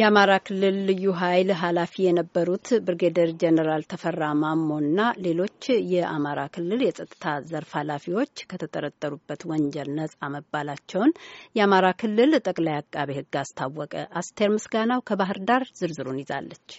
የአማራ ክልል ልዩ ኃይል ኃላፊ የነበሩት ብርጌደር ጀነራል ተፈራ ማሞና ሌሎች የአማራ ክልል የጸጥታ ዘርፍ ኃላፊዎች ከተጠረጠሩበት ወንጀል ነጻ መባላቸውን የአማራ ክልል ጠቅላይ አቃቤ ሕግ አስታወቀ። አስቴር ምስጋናው ከባህር ዳር ዝርዝሩን ይዛለች።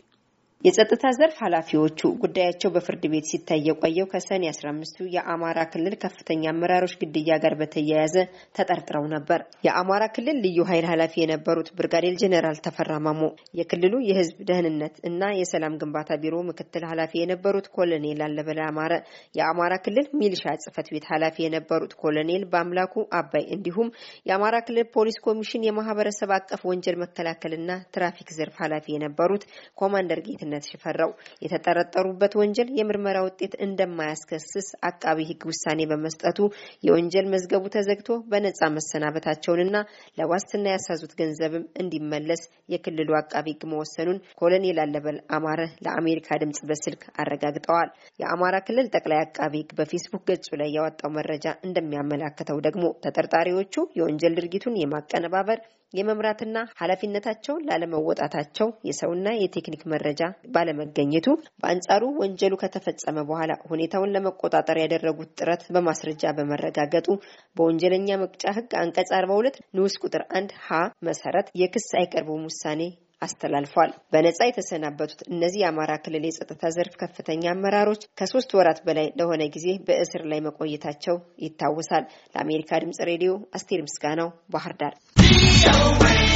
የጸጥታ ዘርፍ ኃላፊዎቹ ጉዳያቸው በፍርድ ቤት ሲታይ የቆየው ከሰኔ 15ቱ የአማራ ክልል ከፍተኛ አመራሮች ግድያ ጋር በተያያዘ ተጠርጥረው ነበር። የአማራ ክልል ልዩ ኃይል ኃላፊ የነበሩት ብርጋዴር ጄኔራል ተፈራ ማሞ፣ የክልሉ የህዝብ ደህንነት እና የሰላም ግንባታ ቢሮ ምክትል ኃላፊ የነበሩት ኮሎኔል አለበለ አማረ፣ የአማራ ክልል ሚሊሻ ጽህፈት ቤት ኃላፊ የነበሩት ኮሎኔል በአምላኩ አባይ እንዲሁም የአማራ ክልል ፖሊስ ኮሚሽን የማህበረሰብ አቀፍ ወንጀል መከላከልና ትራፊክ ዘርፍ ኃላፊ የነበሩት ኮማንደር ጌትነት ገነት ሽፈራው የተጠረጠሩበት ወንጀል የምርመራ ውጤት እንደማያስከስስ አቃቢ ሕግ ውሳኔ በመስጠቱ የወንጀል መዝገቡ ተዘግቶ በነጻ መሰናበታቸውንና ለዋስትና ያሳዙት ገንዘብም እንዲመለስ የክልሉ አቃቢ ሕግ መወሰኑን ኮሎኔል አለበል አማረ ለአሜሪካ ድምጽ በስልክ አረጋግጠዋል። የአማራ ክልል ጠቅላይ አቃቢ ሕግ በፌስቡክ ገጹ ላይ ያወጣው መረጃ እንደሚያመላክተው ደግሞ ተጠርጣሪዎቹ የወንጀል ድርጊቱን የማቀነባበር የመምራትና ኃላፊነታቸውን ላለመወጣታቸው የሰውና የቴክኒክ መረጃ ባለመገኘቱ በአንጻሩ ወንጀሉ ከተፈጸመ በኋላ ሁኔታውን ለመቆጣጠር ያደረጉት ጥረት በማስረጃ በመረጋገጡ በወንጀለኛ መቅጫ ሕግ አንቀጽ 42 ንዑስ ቁጥር 1 ሀ መሰረት የክስ አይቀርቡም ውሳኔ አስተላልፏል። በነጻ የተሰናበቱት እነዚህ የአማራ ክልል የጸጥታ ዘርፍ ከፍተኛ አመራሮች ከሶስት ወራት በላይ ለሆነ ጊዜ በእስር ላይ መቆየታቸው ይታወሳል። ለአሜሪካ ድምጽ ሬዲዮ አስቴር ምስጋናው ባህር ዳር